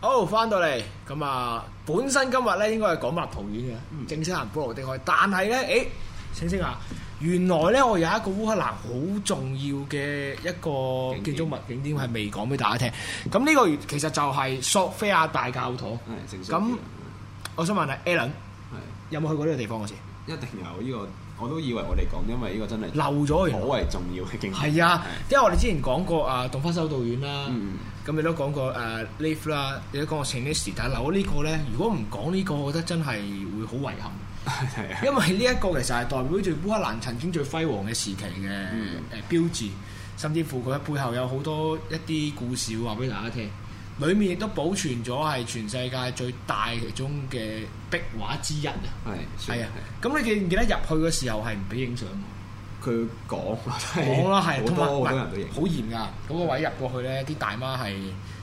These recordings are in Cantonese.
好，翻到嚟咁啊！本身今日咧應該係講立陶宛嘅，正式行波羅的海。但係咧，誒，醒起啊，原來咧我有一個烏克蘭好重要嘅一個建築物景點係未講俾大家聽。咁呢個其實就係索菲亞大教堂。係，咁我想問下 Allen，有冇去過呢個地方嘅事？一定有呢個。我都以為我哋講，因為呢個真係漏咗，係好為重要嘅經典。係啊，因為我哋之前講過啊，東方修道院啦，咁、嗯、你都講過誒、啊、life 啦、啊，你都講過盛啲時。但係漏咗呢個咧，如果唔講呢個，我覺得真係會好遺憾。係 啊，因為呢一個其實係代表住烏克蘭曾經最輝煌嘅時期嘅誒標誌，嗯、甚至乎佢背後有好多一啲故事會話俾大家聽。裡面亦都保存咗係全世界最大其中嘅壁畫之一啊！係係啊！咁你記唔記得入去嘅時候係唔俾影相？佢講講啦，係好多好多人都影，好嚴㗎！嗰個位入過去咧，啲大媽係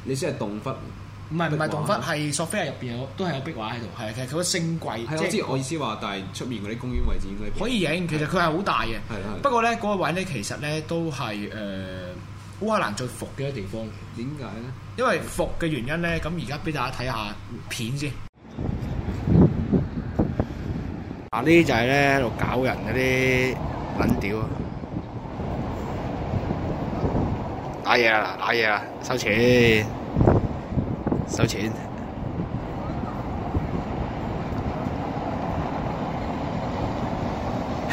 你先係洞窟，唔係唔係洞窟，係索菲亞入邊有都係有壁畫喺度，係其實佢個聖櫃。我知我意思話，但係出面嗰啲公園位置應該可以影。其實佢係好大嘅，不過咧嗰個位咧其實咧都係誒。烏克蘭最服嘅地方，點解呢？因為服嘅原因呢，咁而家俾大家睇下片先。嗱，呢啲就係咧喺度搞人嗰啲撚屌啊！打嘢啦，打嘢啦，收錢，收錢。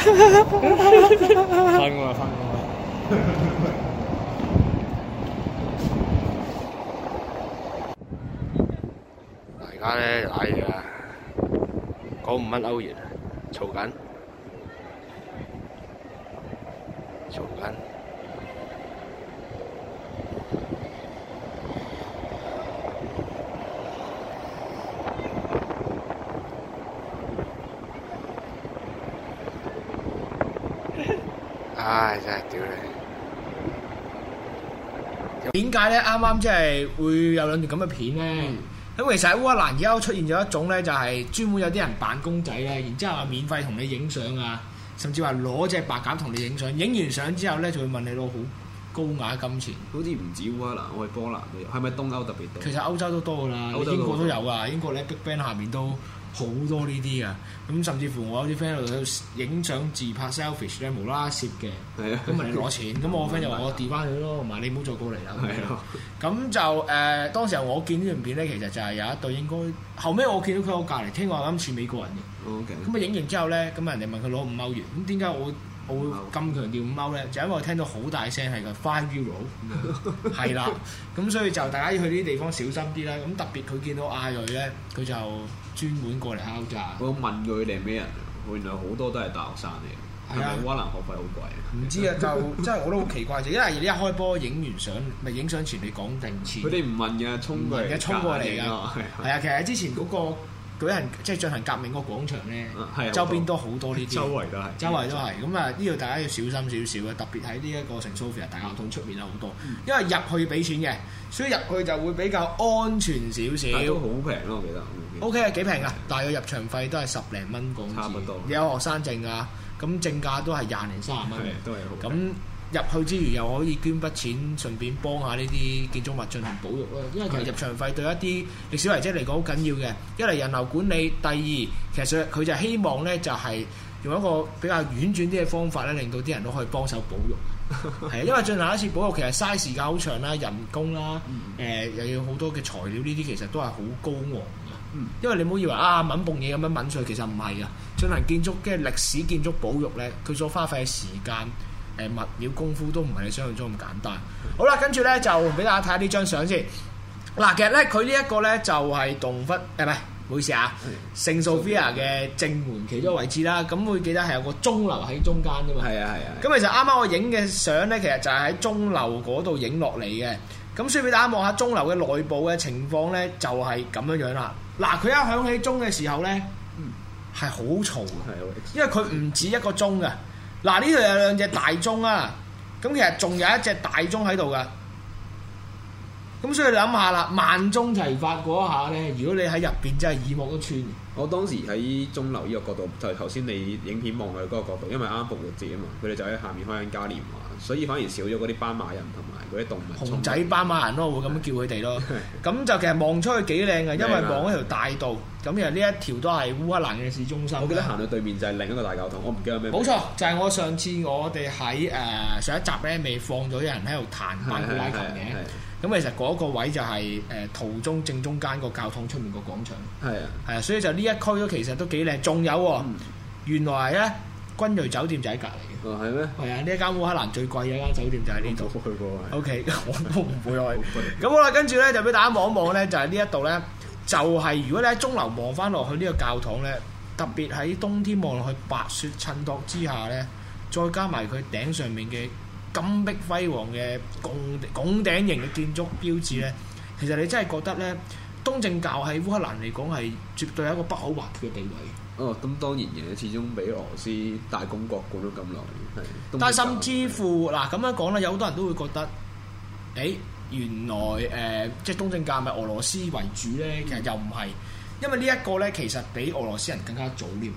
哈哈哈！返工啦，返工啦！家咧，奶啊，講五蚊歐元，儲緊，儲緊。唉，真係丟啦！點解咧？啱啱即係會有兩條咁嘅片咧？咁其實喺烏克蘭而家出現咗一種咧，就係專門有啲人扮公仔咧，然之後免費同你影相啊，甚至話攞隻白鴿同你影相。影完相之後咧，就會問你攞好高額金錢。好似唔止烏克蘭，我係波蘭都有，係咪東歐特別多？其實歐洲都多㗎喇，英國都有啊，英國咧 BigBang 下面都。好多呢啲㗎，咁甚至乎我有啲 friend 喺度影相自拍 selfish 咧，無啦啦攝嘅，咁咪攞錢。咁我 friend 就話我掉翻佢咯，同埋 你唔好再過嚟啦。咁 就誒、呃，當時候我見呢段片咧，其實就係有一對應該後尾我見到佢我隔籬聽話啱似美國人嘅。咁啊影完之後咧，咁人哋問佢攞五歐元，咁點解我我會咁強調五歐咧？就因為我聽到好大聲係個 five euro，係啦。咁 所以就大家要去呢啲地方小心啲啦。咁特別佢見到亞裔咧，佢就。專門過嚟敲詐。我問佢哋係咩人，原來好多都係大學生嚟嘅。係咪可能學費好貴？唔知啊，就即、是、係我都好奇怪就因為你一開波影完相，咪影相前你講定錢。佢哋唔問嘅，衝過嚟加錢。係啊，其實之前嗰、嗰個。 舉行即係進行革命個廣場咧，周邊都好多呢啲。周圍都係。周圍都係，咁啊呢度大家要小心少少嘅，特別喺呢一個聖蘇菲亞大教堂出面有好多，因為入去要俾錢嘅，所以入去就會比較安全少少。都好平咯，我記得。O K 啊，幾平啊？大概入場費都係十零蚊港幣。差唔多。有學生證啊，咁正價都係廿零三十蚊嘅，都係好平。入去之餘，又可以捐筆錢，順便幫下呢啲建築物進行保育咯。因為其實入場費對一啲歷史遺蹟嚟講好緊要嘅。一嚟人流管理，第二，其實佢就希望呢，就係、是、用一個比較婉轉啲嘅方法呢，令到啲人都可以幫手保育。係。 因為進行一次保育，其實嘥時間好長啦，人工啦，誒、嗯呃、又要好多嘅材料，呢啲其實都係好高昂、嗯、因為你唔好以為啊，抌埲嘢咁樣抌碎，其實唔係啊。進行建築嘅歷史建築保育呢，佢所花費嘅時間。誒，物料功夫都唔係你想象中咁簡單。 好啦，跟住咧就俾大家睇下呢張相先。嗱，其實咧佢呢一個咧就係洞窟，誒唔係，唔好意思啊。聖索菲亞嘅正門其中位置啦，咁會記得係有個鐘樓喺中間噶嘛。係啊係啊。咁、啊啊、其實啱啱我影嘅相咧，其實就係喺鐘樓嗰度影落嚟嘅。咁所以俾大家望下鐘樓嘅內部嘅情況咧，就係咁樣樣啦。嗱，佢一響起鐘嘅時候咧，係好嘈， 因為佢唔止一個鐘噶。嗱，呢度有兩隻大鐘啊，咁其實仲有一隻大鐘喺度噶，咁所以你諗下啦，萬鐘齊發嗰下咧，如果你喺入邊真係耳目都穿。我當時喺鐘樓呢個角度，就係頭先你影片望落去嗰個角度，因為啱啱復活節啊嘛，佢哋就喺下面開緊嘉年所以反而少咗嗰啲斑馬人同埋嗰啲動物。熊仔斑馬人咯，會咁樣叫佢哋咯。咁 就其實望出去幾靚呀，因為望嗰條大道。咁其實呢一條都係烏克蘭嘅市中心。我記得行到對面就係另一個大教堂，我唔記得咩名。冇錯，就係、是、我上次我哋喺誒上一集咧，未放咗有人喺度彈班杜拉琴嘅。咁其實嗰個位就係誒途中正中間個教堂出面個廣場。係啊，係啊，所以就呢一區都其實都幾靚。仲有喎，原來咧。君瑞酒店就喺隔籬係咩？係啊，哦，呢一間烏克蘭最貴嘅一間酒店就喺呢度。我去過 OK，的我都唔會去。咁好啦，跟住咧就俾大家望一望咧，就喺、是、呢一度咧，就係、是、如果你喺鐘樓望翻落去呢個教堂咧，特別喺冬天望落去白雪襯托之下咧，再加埋佢頂上面嘅金碧輝煌嘅拱拱頂型嘅建築標誌咧，其實你真係覺得咧，東正教喺烏克蘭嚟講係絕對係一個不可或缺嘅地位。哦，咁當然嘅，始終比俄羅斯大公國過咗咁耐。但係甚至乎嗱，咁的樣講咧，有好多人都會覺得，誒、欸、原來誒、呃、即係東正教咪俄羅斯為主咧，嗯、其實又唔係，因為呢一個咧其實比俄羅斯人更加早啲。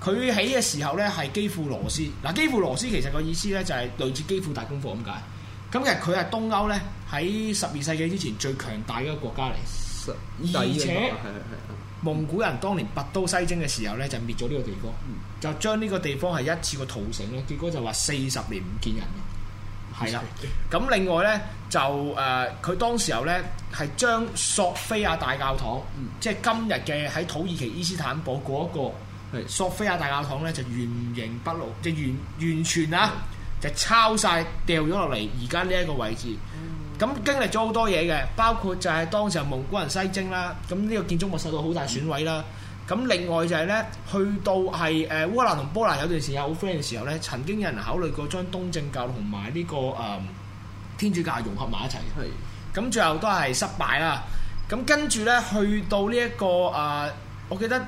佢、嗯、起嘅時候咧係基輔羅斯，嗱，基輔羅斯其實個意思咧就係類似基輔大公國咁解。咁其實佢係東歐咧喺十二世紀之前最強大嘅一個國家嚟，十而且係係係。蒙古人當年拔刀西征嘅時候咧，就滅咗呢個,、嗯、個地方，就將呢個地方係一次過屠城咧，結果就話四十年唔見人嘅。係啦年，咁另外咧就誒，佢、呃、當時候咧係將索菲亞大教堂，即係、嗯、今日嘅喺土耳其伊斯坦堡嗰一個索菲亞大教堂咧，就原形不露，就完、是、完全啊、嗯、就抄晒掉咗落嚟，而家呢一個位置。咁經歷咗好多嘢嘅，包括就係當時蒙古人西征啦，咁、這、呢個建築物受到好大損毀啦。咁、嗯、另外就係、是、呢，去到係誒烏克蘭同波蘭有段時間好 friend 嘅時候呢，曾經有人考慮過將東正教同埋呢個誒、嗯、天主教融合埋一齊。係咁是，最後都係失敗啦。咁跟住呢，去到呢、這、一個誒、呃，我記得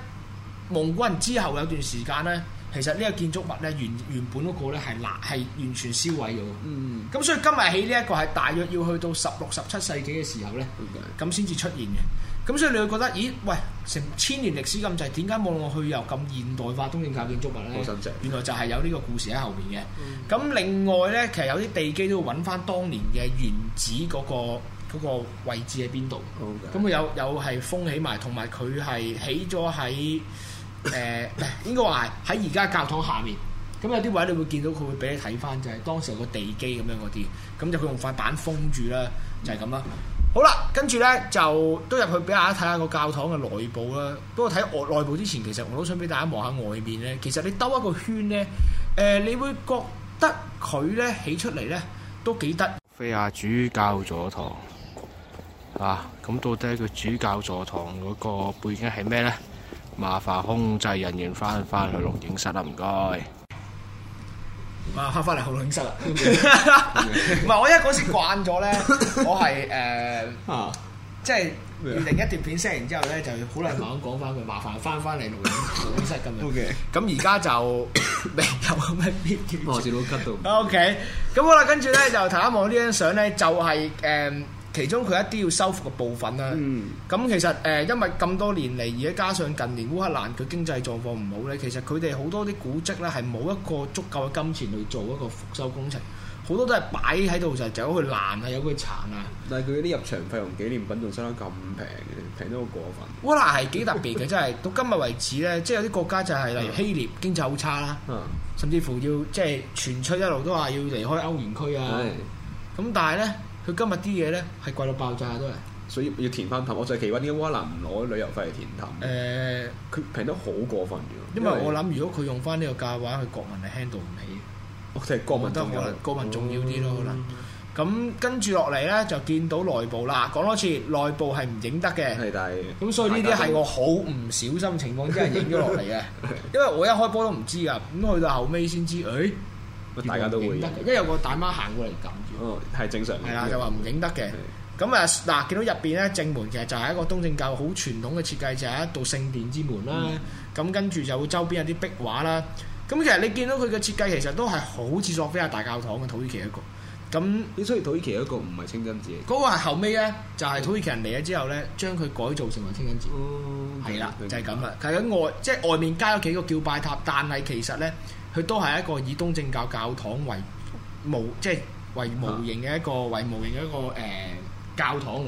蒙古人之後有段時間呢。其實呢個建築物呢，原原本嗰個咧係爛係完全燒毀咗。嗯，咁所以今日起呢一個係大約要去到十六十七世紀嘅時候呢，咁先至出現嘅。咁所以你會覺得，咦？喂，成千年歷史咁滯，點解冇我去由咁現代化東正教建築物呢？好新淨。原來就係有呢個故事喺後面嘅。嗯。咁另外呢，其實有啲地基都要揾翻當年嘅原址嗰個嗰個位置喺邊度。好嘅 Okay.。咁佢有有係封起埋，同埋佢係起咗喺。誒、呃、應該話喺而家教堂下面，咁有啲位你會見到佢會俾你睇返，就係、是、當時有個地基咁樣嗰啲，咁就佢用塊板封住啦，就係咁啦。嗯、好啦，跟住呢，就都入去俾大家睇下個教堂嘅內部啦。不過睇外內部之前，其實我都想俾大家望下外面呢。其實你兜一個圈呢，誒、呃，你會覺得佢呢起出嚟呢都幾得。蘇菲亞主教座堂啊，咁到底佢主教座堂嗰個背景係咩呢？麻煩控制人員翻翻去錄影室啦，唔該。麻煩翻翻嚟錄影室啦。唔係，我因為嗰時慣咗咧，我係誒，即係另一段片 set 完之後咧，就好難慢慢講翻佢。麻煩翻翻嚟錄影室咁樣。O K。咁而家就未有咁嘅必要。我朝早咳到。O K。咁好啦，跟住咧就睇下望呢張相咧，就係誒。其中佢一啲要修復嘅部分啦，咁、嗯、其實誒、呃，因為咁多年嚟，而家加上近年烏克蘭佢經濟狀況唔好咧，其實佢哋好多啲古蹟咧係冇一個足夠嘅金錢去做一個復修工程，好多都係擺喺度就係由佢爛啊，由佢殘啊。但係佢啲入場費用紀念品仲收得咁平平得好過分。烏克蘭係幾特別嘅，真係、欸就是、到今日為止咧，即、就、係、是、有啲國家就係、是、的例如希臘經濟好差啦，嗯、甚至乎要即係、就是、傳出一路都話要離開歐元區啊。咁、嗯嗯、但係咧。佢今日啲嘢咧係貴到爆炸都係，所以要填翻頭。我就期望啲窩男唔攞旅遊費嚟填頭。誒，佢平得好過分嘅，因為我諗如果佢用翻呢個價嘅話，佢國民係 handle 唔起。我睇國民都可能國民重要啲咯，可能。咁跟住落嚟咧，就見到內部啦。講多次內部係唔影得嘅，係，但係。咁所以呢啲係我好唔小心情況之下影咗落嚟嘅，因為我一開波都唔知㗎，咁去到後尾先知，誒。大家都唔影得，因為有個大媽行過嚟撳住。哦，係正常嘅。係啦，就話唔影得嘅。咁啊，嗱，見到入邊咧，正門其實就係一個東正教好傳統嘅設計，就係一道聖殿之門啦。咁、嗯、跟住就會周邊有啲壁畫啦。咁其實你見到佢嘅設計，其實都係好似索菲亞大教堂嘅土耳其一個。咁所以土耳其一個唔係清真寺，嗰個係後尾咧，就係土耳其人嚟咗之後咧，將佢改造成為清真寺。哦，係啦，就係咁啦，係喺外，即係外面加咗幾個叫拜塔，但係其實咧。佢都係一個以東正教教堂為模，即係為模型嘅一個、啊、為模型嘅一個誒、呃、教堂。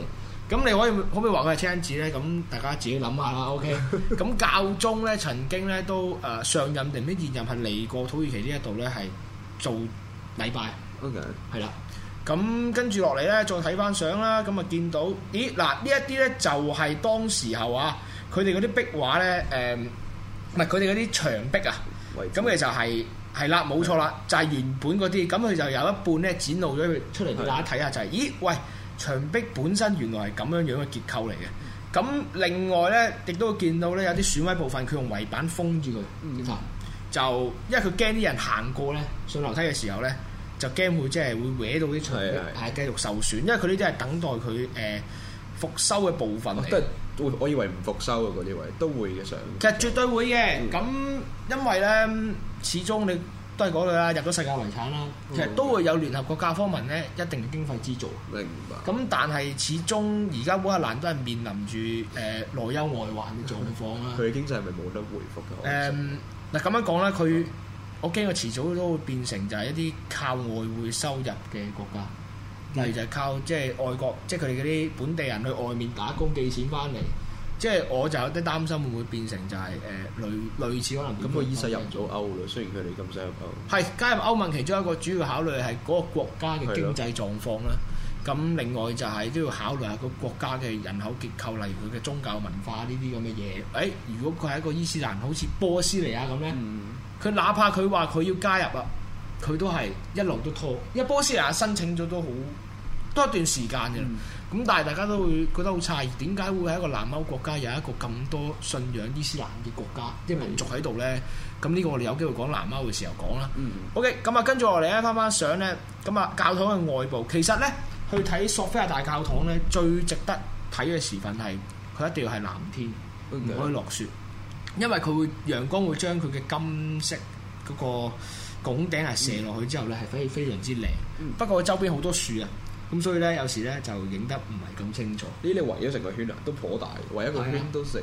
咁你可以可唔可以話佢係清真寺咧？咁大家自己諗下啦。OK。咁 教宗咧曾經咧都誒上任定唔知現任係嚟過土耳其呢一度咧係做禮拜。OK。係啦。咁跟住落嚟咧，再睇翻相啦。咁啊，見到咦嗱呢一啲咧就係、是、當時候啊，佢哋嗰啲壁畫咧誒，唔係佢哋嗰啲牆壁啊。咁嘅就係係啦，冇錯啦，嗯、就係原本嗰啲，咁佢就有一半咧展露咗出嚟，大家睇下就係、是，咦，喂，牆壁本身原來係咁樣樣嘅結構嚟嘅。咁另外咧，亦都會見到咧有啲損毀部分，佢用圍板封住佢、嗯。就因為佢驚啲人行過咧，上樓梯嘅時候咧，就驚會即係會歪到啲牆，係係繼續受損。因為佢呢啲係等待佢誒、呃、復修嘅部分。我以為唔復修嘅嗰啲位都會嘅上，想其實絕對會嘅。咁、嗯、因為咧，始終你都係嗰句啦，入咗世界遺產啦，嗯、其實都會有聯合國教科文咧一定嘅經費資助。明白。咁但係始終而家烏克蘭都係面臨住誒、呃、內憂外患嘅狀況啦。佢嘅經濟係咪冇得回復嘅？誒嗱咁樣講咧，佢、嗯、我驚佢遲早都會變成就係一啲靠外匯收入嘅國家。例如就係靠即係外國，即係佢哋嗰啲本地人去外面打工寄錢翻嚟，即係我就有啲擔心會唔會變成就係、是、誒、呃、類類似可能意。咁個伊斯入唔到歐咯，雖然佢哋咁想入歐。係加入歐盟其中一個主要考慮係嗰個國家嘅經濟狀況啦。咁了另外就係都要考慮下個國家嘅人口結構，例如佢嘅宗教文化呢啲咁嘅嘢。誒、哎，如果佢係一個伊斯蘭，好似波斯尼亞咁咧，佢、嗯、哪怕佢話佢要加入啊，佢都係一路都拖，因為波斯尼亞申請咗都好。多一段時間嘅，咁但係大家都會覺得好詫異。點解會喺一個南歐國家有一個咁多信仰伊斯蘭嘅國家，啲民族喺度咧？咁呢個我哋有機會講南歐嘅時候講啦。OK，咁啊，跟住落嚟咧，翻翻相咧，咁啊，教堂嘅外部其實咧，去睇索菲亞大教堂咧，最值得睇嘅時分係佢一定要係藍天，佢唔可以落雪，因為佢會陽光會將佢嘅金色嗰個拱頂係射落去之後咧，係非非常之靚。不過佢周邊好多樹啊。咁所以咧，有時咧就影得唔係咁清楚。呢啲你圍咗成個圈啊，都頗大，圍一個圈都成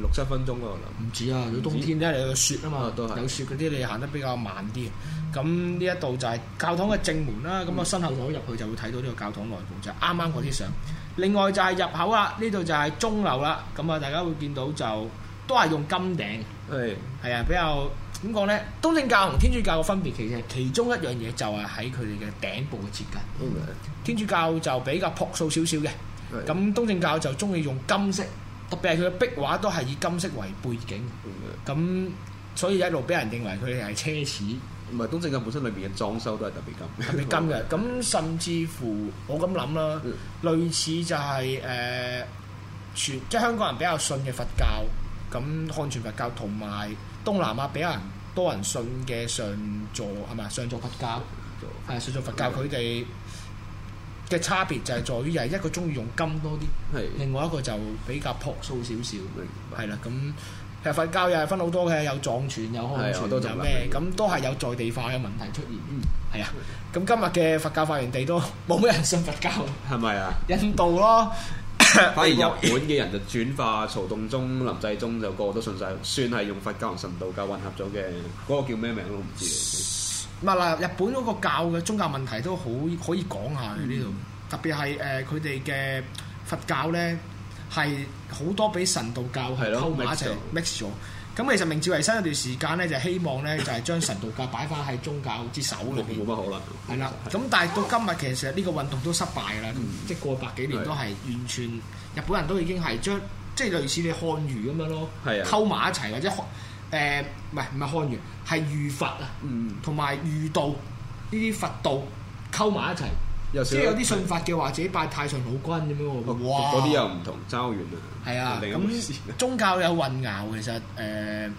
六七分鐘啊！我諗。唔止啊，如果冬天咧、啊、止有雪啊嘛，啊都有雪嗰啲你行得比較慢啲。咁呢一度就係教堂嘅正門啦，咁啊、嗯、身後走入去就會睇到呢個教堂內部、嗯、就啱啱嗰啲相。嗯、另外就係入口啦，呢度就係鐘樓啦，咁啊大家會見到就都係用金頂。係、嗯。係啊，比較。點講咧？東正教同天主教嘅分別，其實係其中一樣嘢，就係喺佢哋嘅頂部嘅設計。Hmm. 天主教就比較樸素少少嘅，咁、mm hmm. 東正教就中意用金色，特別係佢嘅壁畫都係以金色為背景。咁、mm hmm. 所以一路俾人認為佢哋係奢侈。唔係、mm hmm. 東正教本身裏邊嘅裝修都係特別金， 特別金嘅。咁甚至乎我咁諗啦，mm hmm. 類似就係、是、誒、呃，全即係香港人比較信嘅佛教，咁漢傳佛教同埋。東南亞比較多人信嘅上座係咪啊？上座佛教，誒上座佛教，佢哋嘅差別就係在於係一個中意用金多啲，另外一個就比較樸素少少。係啦，咁佛教又係分好多嘅，有藏傳、有漢傳，有咩，咁都係有在地化嘅問題出現。嗯，係啊，咁今日嘅佛教發源地都冇咩人信佛教，係咪啊？印度咯。 反而日本嘅人就轉化曹洞宗、臨濟宗，就個個都信晒。算係用佛教同神道教混合咗嘅。嗰個，個叫咩名我都唔知。唔係嗱，日本嗰個教嘅宗教問題都好可以講下喺呢度，嗯、特別係誒佢哋嘅佛教咧係好多俾神道教溝埋一齊 mix 咗。咁其實明治維新嗰段時間咧，就係、希望咧就係、係、將神道教擺翻喺宗教之首咯。冇乜可能。係啦，咁了的但係到今日其實呢個運動都失敗啦，嗯、即係過百幾年都係完全對日本人都已經係將即係類似你漢儒咁樣咯，溝埋的一齊或者誒唔係唔係漢儒係儒佛啊，同埋儒道呢啲佛道溝埋一齊。嗯即係有啲信法嘅，或者拜太上老君咁樣喎。嗰啲那哇又唔同，爭好遠啊。係啊，咁宗教有混淆其實誒，唔、呃、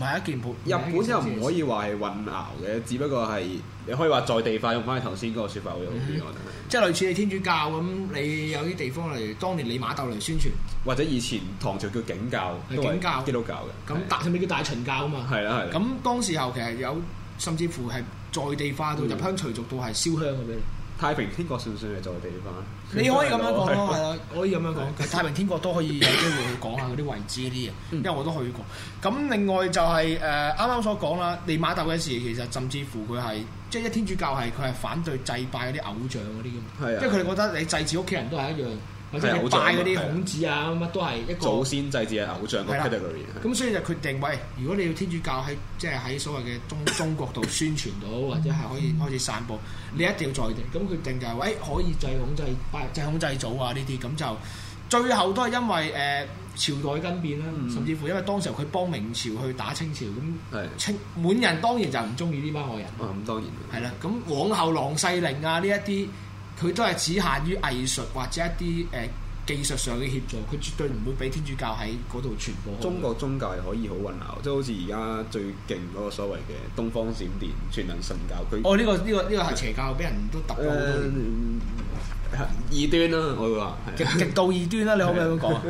係一件本日本又唔可以話係混淆嘅，只不過係你可以話在地化用翻你頭先嗰個説法好容易啲。嗯、即係類似你天主教咁，嗯、你有啲地方嚟當年你馬竇嚟宣傳，或者以前唐朝叫景教係景教基督教嘅咁大，甚至叫大秦教啊嘛。係啊，係。咁當時候其實有甚至乎係在地化到入鄉隨俗，到係燒香去俾。太平天國算唔算係在地嘅地方？你可以咁樣講咯，係啦的，可以咁樣講。其實的太平天國都可以有機 會去講下嗰啲位置嗰啲嘢，嗯、因為我都去過。咁另外就係誒啱啱所講啦，利瑪竇嘅事其實甚至乎佢係即係一天主教係佢係反對祭拜嗰啲偶像嗰啲嘅，是的 因為佢哋覺得你祭祀屋企人都係一樣。或者拜嗰啲孔子啊，乜都係一個祖先祭祀嘅偶像個 category，咁所以就決定，喂、哎，如果你要天主教喺即係喺所謂嘅中 中國度宣傳到或者係可以開始散播， 你一定要再定。咁決定就係、是、喂、哎、可以祭孔、祭，拜祭孔、祭祖啊呢啲。咁就最後都係因為誒、呃、朝代更變啦，嗯、甚至乎因為當時候佢幫明朝去打清朝咁，清的滿人當然就唔中意呢班外人。咁、嗯、當然。係啦，咁往後郎世寧啊呢一啲。佢都係只限於藝術或者一啲誒、呃、技術上嘅協助，佢絕對唔會俾天主教喺嗰度傳播。中國宗教係可以好混淆，即係、好似而家最勁嗰個所謂嘅東方閃電全能神教，佢哦呢、呢個呢、呢個呢、呢個係邪教，俾 人都揼。誒、嗯，異端啦、啊，我會話極對極度異端啦、啊，你可唔可以咁講、啊？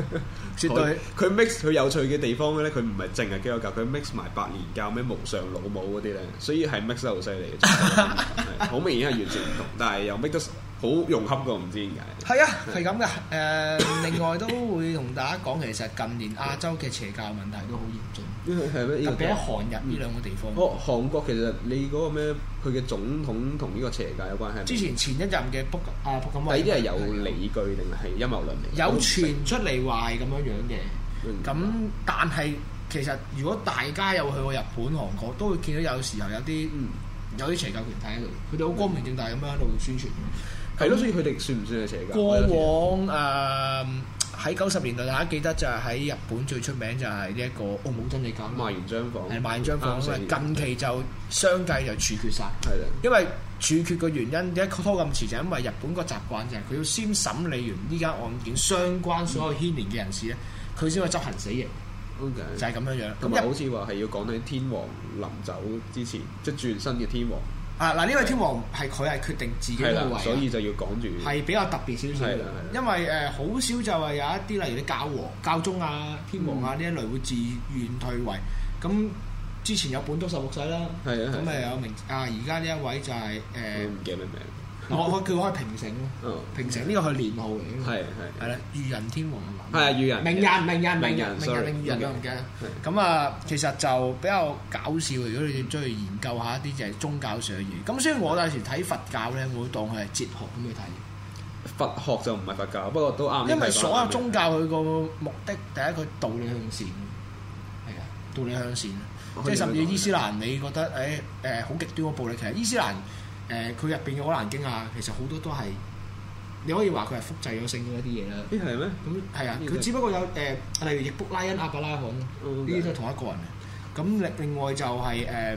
絕對佢 mix 佢有趣嘅地方咧，佢唔係淨係基督教，佢 mix 埋白蓮教咩無上老母嗰啲咧，所以係 mix 得 好犀利嘅，好明顯係完全唔同，但係又 mix 得。 好融洽㗎，唔知點解。係啊，係咁㗎。誒、呃， 另外都會同大家講，其實近年亞洲嘅邪教問題都好嚴重， 特別喺韓日呢兩個地方、嗯。哦，韓國其實你嗰個咩？佢嘅總統同呢個邪教有關係咪？之前前一任嘅朴啊朴槿惠。第啲係有理據定係、啊、陰謀論嚟？有傳出嚟話係咁樣樣嘅，咁、嗯、但係其實如果大家有去過日本、韓國，都會見到有時候有啲有啲邪教團體喺度，佢哋好光明正大咁樣喺度宣傳。嗯。係咯，嗯、所以佢哋算唔算係邪教？過往誒喺九十年代，大家記得就係喺日本最出名就係呢一個奧姆、哦、真理教，麻原彰晃，係麻原彰晃。死近期就相繼就處決晒，係啦、嗯。因為處決嘅原因，點解拖咁遲，就係、因為日本個習慣就係佢要先審理完呢間案件相關所有牽連嘅人士咧，佢先會執行死刑。嗯、OK，就係咁樣樣。同好似話係要講到天皇臨走之前，即、就、係、是、轉新嘅天皇。啊！嗱，呢位天皇係佢係決定自己退位，所以就要講住。係比較特別少少，因為誒好少就係有一啲例如你教皇、教宗啊、天皇啊呢一類會自願退位。咁、嗯、之前有本篤十六世啦，咁咪有明啊，而家呢一位就係誒唔記得咩名。我我叫開平成咯，平成呢個係年號嚟嘅，係係係啦，愚人天皇啊，係啊愚人，名人名人名人名人名人咁啊，其實就比較搞笑。如果你中意研究下一啲就係宗教上嘅嘢，咁雖然我有時睇佛教咧，我都當佢係哲學咁去睇。佛學就唔係佛教，不過都啱。因為所有宗教佢個目的，第一佢道理向善，係啊，道理向善，即係甚至伊斯蘭，你覺得誒誒好極端嗰暴力，其實伊斯蘭。誒佢入邊嘅可蘭經啊，呃、其實好多都係你可以話佢係複製咗性嘅一啲嘢啦。咦係咩？咁係、嗯、啊，佢只不過有誒、呃，例如易卜拉欣、阿伯拉罕呢啲 Okay. 都係同一個人嘅。咁、嗯、另另外就係、是、誒，佢、呃、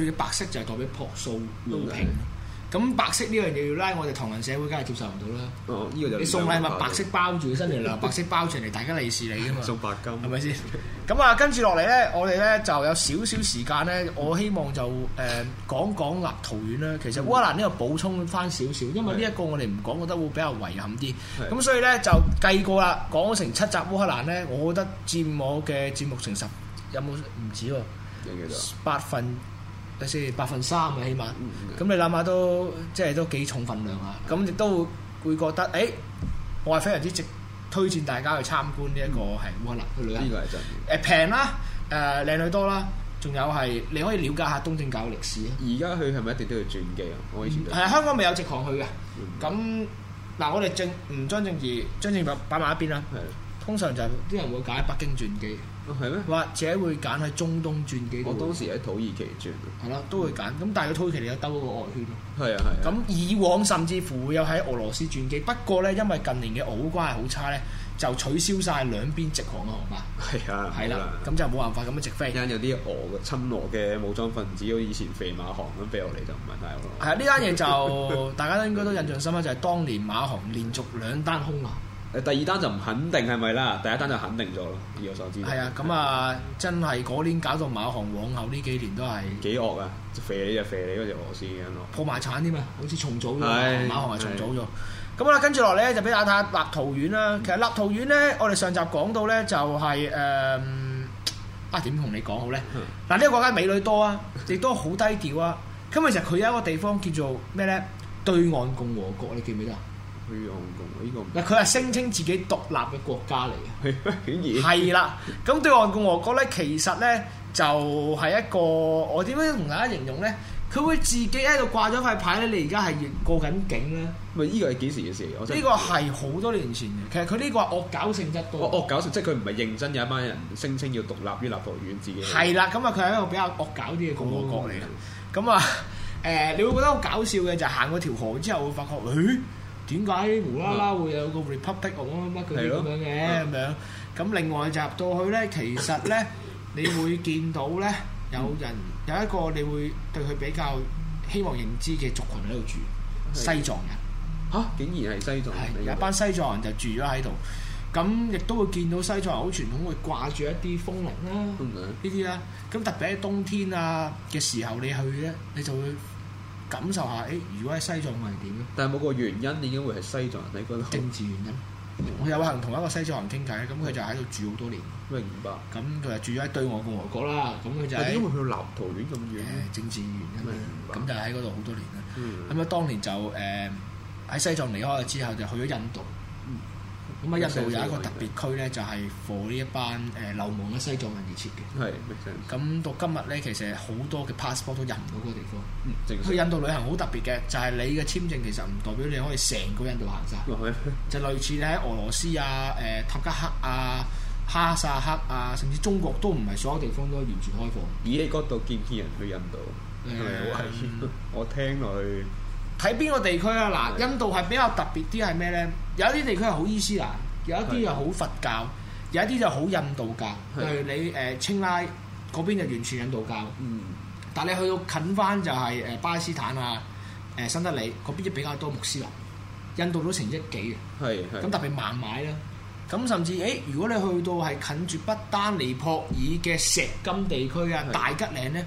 嘅白色就係代表樸素公平。Okay. 咁白色呢樣嘢要拉我哋唐人社會，梗係接受唔到啦。呢、哦這個就你送禮物白色包住嘅新年啦， 白色包住嚟，大家利是嚟噶嘛。送白金，係咪先？咁啊， 跟住落嚟咧，我哋咧就有少少時間咧， 我希望就誒、呃、講講立陶宛啦。其實烏克蘭呢度補充翻少少，因為呢一個我哋唔講，覺得會比較遺憾啲。咁是所以咧就計過啦，講成七集烏克蘭咧，我覺得佔我嘅節目成十，有冇唔止喎？幾多？百分。第先百分三啊，起碼，咁你諗下都即係都幾重份量啊！咁亦都會覺得，誒，我係非常之值推薦大家去參觀呢一個係窩啦。呢個係真嘅。誒平啦，誒靚女多啦，仲有係你可以了解下東正教嘅歷史。而家佢係咪一定都要轉機啊？我以前係啊，香港未有直航去嘅。咁嗱，我哋正，唔，張正義、張正義擺埋一邊啦。係。通常就係啲人會揀喺北京轉機。或者會揀喺中東轉機，我當時喺土耳其轉。係啦，都會揀。咁但係個土耳其嚟有兜個外圈咯。係啊係。咁以往甚至乎會有喺俄羅斯轉機，不過咧因為近年嘅俄烏關係好差咧，就取消晒兩邊直航嘅航班。係啊。係啦。咁就冇辦法咁樣直飛。有啲俄嘅侵俄嘅武裝分子，以前飛馬航咁飛落嚟就唔係太好。係啊， 呢單嘢就大家都應該都印象深刻，就係、是、當年馬航連續兩單空難。第二單就唔肯定係咪啦，第一單就肯定咗咯，以我所知。係啊，咁啊，是真係嗰年搞到馬航，往後呢幾年都係幾惡噶，飛你就飛你嗰條河線咁咯。破埋產添啊，好似重組咗是馬航係重組咗。咁啊是，跟住落嚟咧就俾亞太立陶宛啦。嗯、其實立陶宛咧，我哋上集講到咧就係、是、誒、嗯、啊點同你講好咧？嗱、嗯，呢、啊呢個國家美女多啊，亦都好低調啊。咁啊，其實佢有一個地方叫做咩咧？對岸共和國，你記唔記得啊？對岸共，依佢係聲稱自己獨立嘅國家嚟嘅，係啦。 咁對岸共和國咧，其實咧就係、是、一個我點樣同大家形容咧？佢會自己喺度掛咗塊牌咧，你而家係過緊境咧。咪依個係幾時嘅事？呢個係好多年前嘅，其實佢呢個惡搞性質多。惡搞性，即係佢唔係認真，有一班人聲稱要獨立於立陶宛自己。係啦，咁啊，佢係一個比較惡搞啲嘅共和國嚟嘅。咁、嗯、啊，誒、呃，你會覺得好搞笑嘅，就行、是、過條河之後會發覺，咦？點解無啦啦會有個 Republic 咁樣乜鬼咁樣嘅咁樣？咁另外入到去咧，其實咧，你會見到咧，有人有一個你會對佢比較希望認知嘅族群喺度住，西藏人。嚇！竟然係西藏人，有一班西藏人就住咗喺度。咁亦都會見到西藏人好傳統，會掛住一啲風鈴啦，呢啲啦。咁特別喺冬天啊嘅時候你去咧，你就會。感受下，誒，如果喺西藏係點咧？但係冇個原因，你點解會係西藏人？人你覺得政治原因？我有幸同一個西藏人傾偈，咁佢就喺度住好多年。明白。咁佢就住咗喺對岸共和國啦。咁佢、哦、就因為佢流亡遠咁遠。政治原因啊，咁白就喺嗰度好多年啦。咁啊、嗯，嗯、當年就誒喺、呃、西藏離開咗之後，就去咗印度。咁啊，印度有一個特別區咧，就係 for 呢一班誒流亡嘅西藏人而設嘅。係。咁到今日咧，其實好多嘅 passport 都入唔到嗰個地方。去印度旅行好特別嘅，就係你嘅簽證其實唔代表你可以成個印度行曬。就類似你喺俄羅斯啊、誒、塔吉克啊、哈薩克啊，甚至中國都唔係所有地方都完全開放。而你嗰度見見人去印度，我聽落去。喺邊個地區啊？嗱，是的 印度係比較特別啲係咩咧？有啲地區係好伊斯蘭，有一啲又好佛教，有一啲就好印度教。譬如是的 你誒、呃、青拉嗰邊就完全印度教。嗯。但係你去到近翻就係誒巴基斯坦啊、誒、呃、新德里嗰邊就比較多穆斯林。印度都成億幾嘅。係咁是的 特別孟買啦。咁甚至誒、欸，如果你去到係近住不丹尼泊爾嘅錫金地區啊、是的 大吉嶺咧。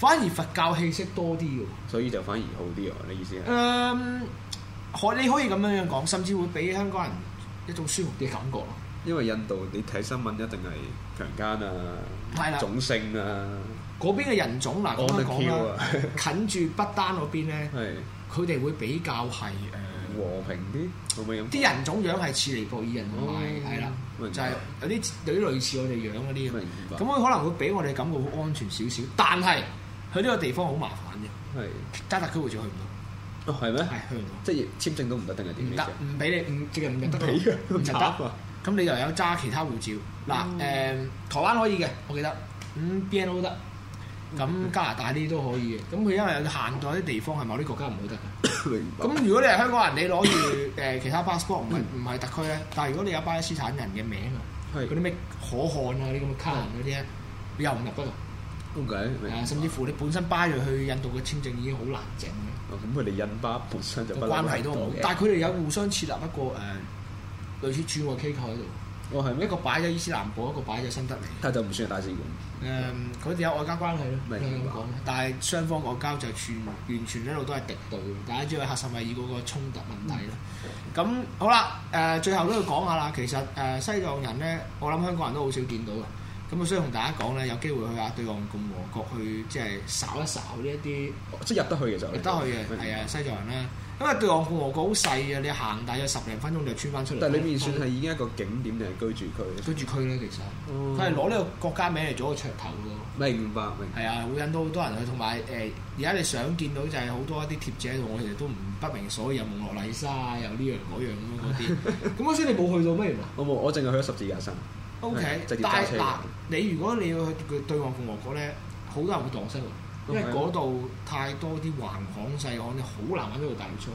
反而佛教氣息多啲嘅、哦，所以就反而好啲喎、哦。你意思係？可、嗯、你可以咁樣樣講，甚至會俾香港人一種舒服啲嘅感覺咯。因為印度你睇新聞一定係強姦啊，了種姓啊，嗰邊嘅人種嗱，我講緊近住不丹嗰邊咧，佢哋 會比較係誒、呃、和平啲，和平啲。啲人種樣係似尼泊爾人同係啦，就係有啲有啲類似我哋樣嗰啲咁，佢可能會俾我哋感覺好安全少少，但係。去呢個地方好麻煩嘅，揸特區護照去唔到，哦係咩？係去唔到，即係簽證都唔得得嘅。點？唔得，唔俾你五隻人五日得嘅，唔得。咁你又有揸其他護照嗱？誒台灣可以嘅，我記得咁 BNO 得，咁加拿大呢啲都可以嘅。咁佢因為有啲限制，啲地方係某啲國家唔會得嘅。明白。咁如果你係香港人，你攞住誒其他 passport 唔係唔係特區咧，但係如果你有巴基斯坦人嘅名啊，嗰啲咩可汗啊，啲咁嘅卡蘭嗰啲咧，又唔入得㗎。咁解，甚至乎你本身巴裔去印度嘅簽證已經好難整嘅。咁佢哋印巴本身就關係都唔好，但係佢哋有互相設立一個誒類似駐外機構喺度。哦，係一個擺咗伊斯蘭堡，一個擺咗新德里。但就唔算係大使館。誒，佢哋有外交關係咯，咪咁講，但係雙方外交就全完全一路都係敵對嘅，大家知道喀什米爾嗰個衝突問題啦。咁好啦，誒最後都要講下啦，其實誒西藏人咧，我諗香港人都好少見到嘅。咁啊，所以同大家講咧，有機會去下對岸共和國去，去即係掃一掃呢一啲，即係入得去嘅就入得去嘅，係啊麼，西藏人啦。因為對岸共和國好細啊，你行大約十零分鐘就穿翻出嚟。但係裡面算係已經一個景點定係居住區居住區咧，其實佢係攞呢個國家名嚟做個噱頭咯。明白，明係啊，會引到好多人去，同埋誒，而家你想見到就係好多一啲貼紙喺度，我、嗯、其實都唔不，不明所以，有蒙洛麗莎，有呢樣嗰樣咁嗰啲。咁啱先你冇去到咩？冇冇， 我淨係去咗十字架山。O K，但係嗱，你如果你要去佢對岸共和國咧，好多人會蕩失喎，因為嗰度太多啲橫巷細巷，你好難喺嗰度帶出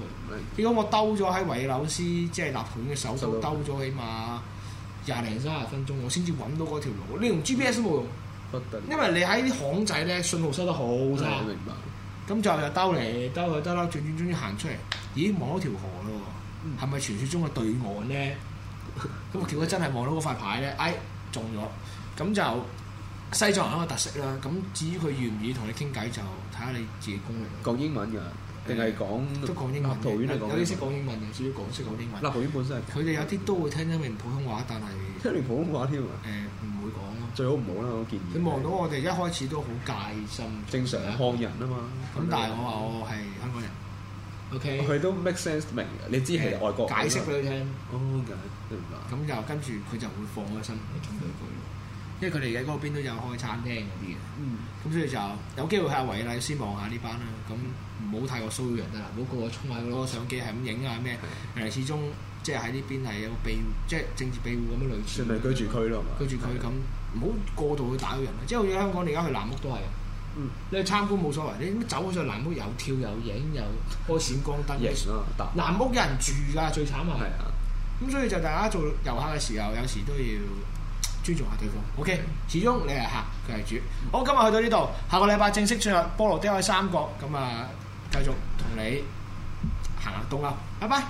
去。如果我兜咗喺維爾紐斯，即係立盤嘅首都兜咗起碼廿零三十分鐘，我先至揾到嗰條路。你用 G P S 都冇用，因為你喺啲巷仔咧，信號收得好差。明白。咁就又兜嚟兜去兜啦，轉轉轉轉，行出嚟，咦，望到條河咯，係咪傳説中嘅對岸咧？咁佢如果真係望到嗰塊牌咧，哎中咗，咁就西藏人一個特色啦。咁至於佢願唔願意同你傾偈，就睇下你自己功力。講英文㗎，定係講都講英文？導演係講英文，有啲識講英文，有少少講識講英文。導演本身係。佢哋有啲都會聽啲咩普通話，但係聽明普通話㖏。誒，唔會講咯。最好唔好啦，我建議。佢望到我哋一開始都好戒心。正常漢人啊嘛。咁但係我話我係香港人。佢 Okay, 都 make sense 明嘅，你知係外國人解釋俾佢聽，O K，咁就跟住佢就會放開心，同佢講，因為佢哋喺嗰邊都有開餐廳嗰啲嘅，咁、嗯、所以就有機會係維也納先望下呢班啦，咁唔好太過騷擾人得啦，唔好過度衝攞個相機係咁影啊咩，人哋始終即係喺呢邊係有庇護，即係政治庇護咁樣類似，算係居住區咯，居住區咁，唔好吧過度去打擾人，即、就、係、是、好似香港你而家去南屋都係。嗯，你去參觀冇所謂，你咁樣走上去南屋，又跳又影又開閃光燈。 南屋有人住㗎，最慘啊！係啊，咁所以就大家做遊客嘅時候，有時都要尊重下對方。OK，嗯、始終你係客，佢係主。嗯、好，今日去到呢度，下個禮拜正式進入波羅的海三角，咁啊，繼續同你行下東歐。拜拜。